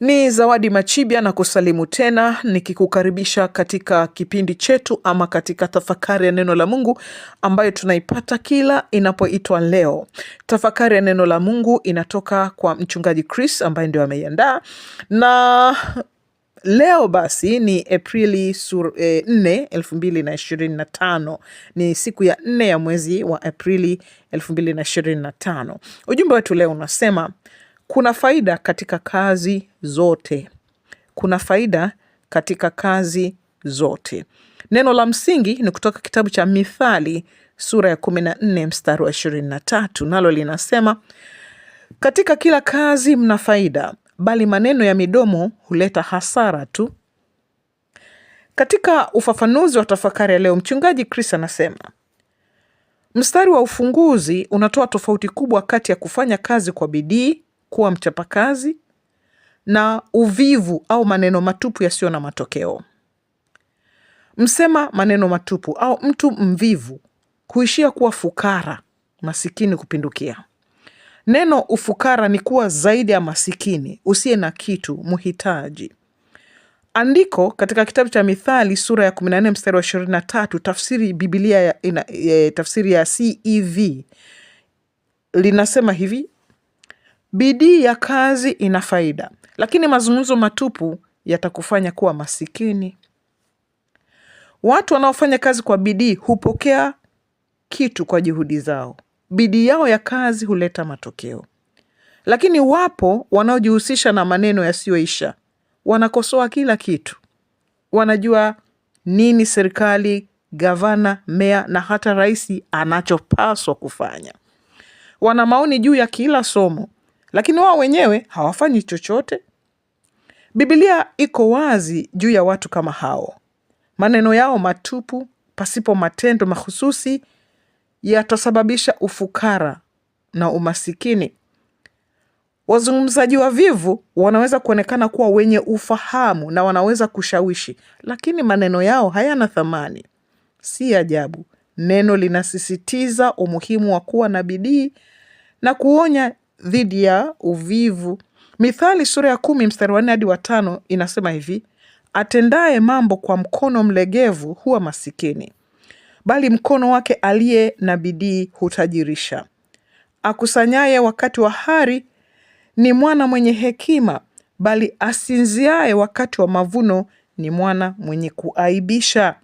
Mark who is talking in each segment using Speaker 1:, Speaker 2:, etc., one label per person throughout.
Speaker 1: Ni Zawadi Machibya na kusalimu tena nikikukaribisha katika kipindi chetu ama katika tafakari ya neno la Mungu ambayo tunaipata kila inapoitwa leo. Tafakari ya neno la Mungu inatoka kwa mchungaji Chris ambaye ndio ameiandaa na Leo basi ni Aprili 4, 2025. Eh, ni siku ya nne ya mwezi wa Aprili 2025. Ujumbe wetu leo unasema kuna faida katika kazi zote. Kuna faida katika kazi zote. Neno la msingi ni kutoka kitabu cha Mithali sura ya 14 mstari wa 23, nalo linasema katika kila kazi mna faida, bali maneno ya midomo huleta hasara tu. Katika ufafanuzi wa tafakari ya leo, mchungaji Chris anasema mstari wa ufunguzi unatoa tofauti kubwa kati ya kufanya kazi kwa bidii kuwa mchapakazi na uvivu au maneno matupu yasiyo na matokeo. Msema maneno matupu au mtu mvivu kuishia kuwa fukara, masikini kupindukia. Neno ufukara ni kuwa zaidi ya masikini, usiye na kitu, mhitaji. Andiko katika kitabu cha Mithali sura ya 14 mstari wa 23, tafsiri Biblia ya, ina, e, tafsiri ya CEV linasema hivi: Bidii ya kazi ina faida, lakini mazungumzo matupu yatakufanya kuwa masikini. Watu wanaofanya kazi kwa bidii hupokea kitu kwa juhudi zao. Bidii yao ya kazi huleta matokeo, lakini wapo wanaojihusisha na maneno yasiyoisha. Wanakosoa kila kitu. Wanajua nini serikali, gavana, mea na hata rais anachopaswa kufanya. Wana maoni juu ya kila somo lakini wao wenyewe hawafanyi chochote. Biblia iko wazi juu ya watu kama hao. Maneno yao matupu pasipo matendo mahususi yatasababisha ufukara na umasikini. Wazungumzaji wavivu wanaweza kuonekana kuwa wenye ufahamu na wanaweza kushawishi, lakini maneno yao hayana thamani. Si ajabu neno linasisitiza umuhimu wa kuwa na bidii na kuonya dhidi ya uvivu. Mithali sura ya kumi mstari wa nne hadi wa tano inasema hivi: atendaye mambo kwa mkono mlegevu huwa masikini, bali mkono wake aliye na bidii hutajirisha. Akusanyaye wakati wa hari ni mwana mwenye hekima, bali asinziaye wakati wa mavuno ni mwana mwenye kuaibisha.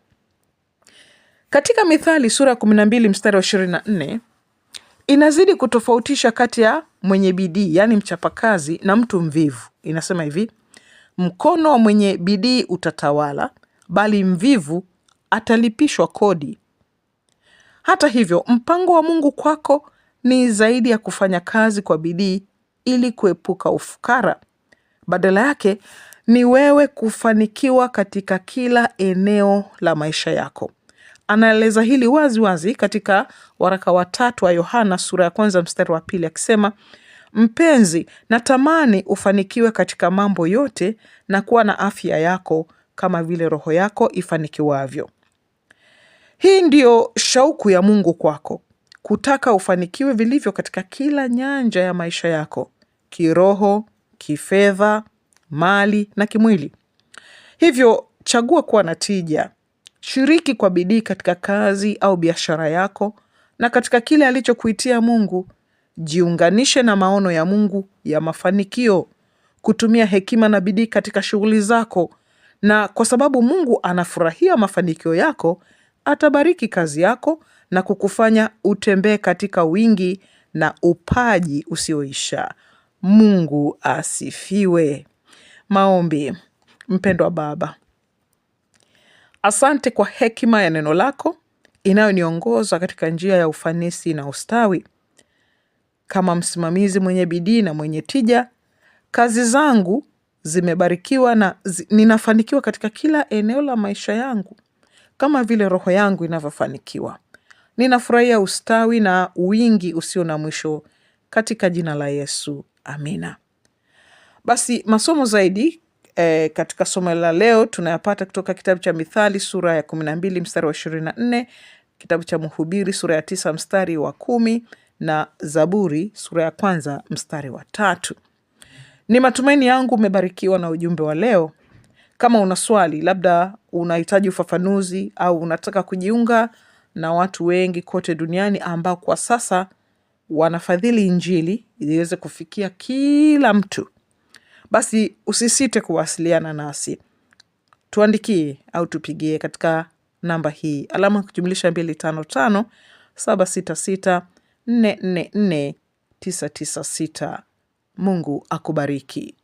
Speaker 1: Katika Mithali sura ya mbili mstari wa nne inazidi kutofautisha kati ya mwenye bidii, yaani mchapakazi na mtu mvivu. Inasema hivi, mkono wa mwenye bidii utatawala, bali mvivu atalipishwa kodi. Hata hivyo, mpango wa Mungu kwako ni zaidi ya kufanya kazi kwa bidii ili kuepuka ufukara. Badala yake ni wewe kufanikiwa katika kila eneo la maisha yako. Anaeleza hili wazi wazi katika waraka wa tatu wa Yohana sura ya kwanza mstari wa pili akisema, mpenzi, natamani ufanikiwe katika mambo yote na kuwa na afya yako kama vile roho yako ifanikiwavyo. Hii ndiyo shauku ya Mungu kwako, kutaka ufanikiwe vilivyo katika kila nyanja ya maisha yako, kiroho, kifedha, mali na kimwili. Hivyo chagua kuwa na tija Shiriki kwa bidii katika kazi au biashara yako na katika kile alichokuitia Mungu. Jiunganishe na maono ya Mungu ya mafanikio, kutumia hekima na bidii katika shughuli zako, na kwa sababu Mungu anafurahia mafanikio yako, atabariki kazi yako na kukufanya utembee katika wingi na upaji usioisha. Mungu asifiwe. Maombi. Mpendwa Baba, Asante kwa hekima ya neno lako inayoniongoza katika njia ya ufanisi na ustawi. Kama msimamizi mwenye bidii na mwenye tija, kazi zangu zimebarikiwa na zi, ninafanikiwa katika kila eneo la maisha yangu kama vile roho yangu inavyofanikiwa. Ninafurahia ustawi na wingi usio na mwisho katika jina la Yesu, amina. Basi masomo zaidi E, katika somo la leo tunayapata kutoka kitabu cha Mithali sura ya 12 mstari wa 24, kitabu cha Mhubiri sura ya tisa mstari wa kumi na Zaburi sura ya kwanza mstari wa tatu. Ni matumaini yangu umebarikiwa na ujumbe wa leo. Kama una swali, labda unahitaji ufafanuzi au unataka kujiunga na watu wengi kote duniani ambao kwa sasa wanafadhili Injili iliweze kufikia kila mtu basi usisite kuwasiliana nasi, tuandikie au tupigie katika namba hii alama kujumlisha 255 766 444 996. Mungu akubariki.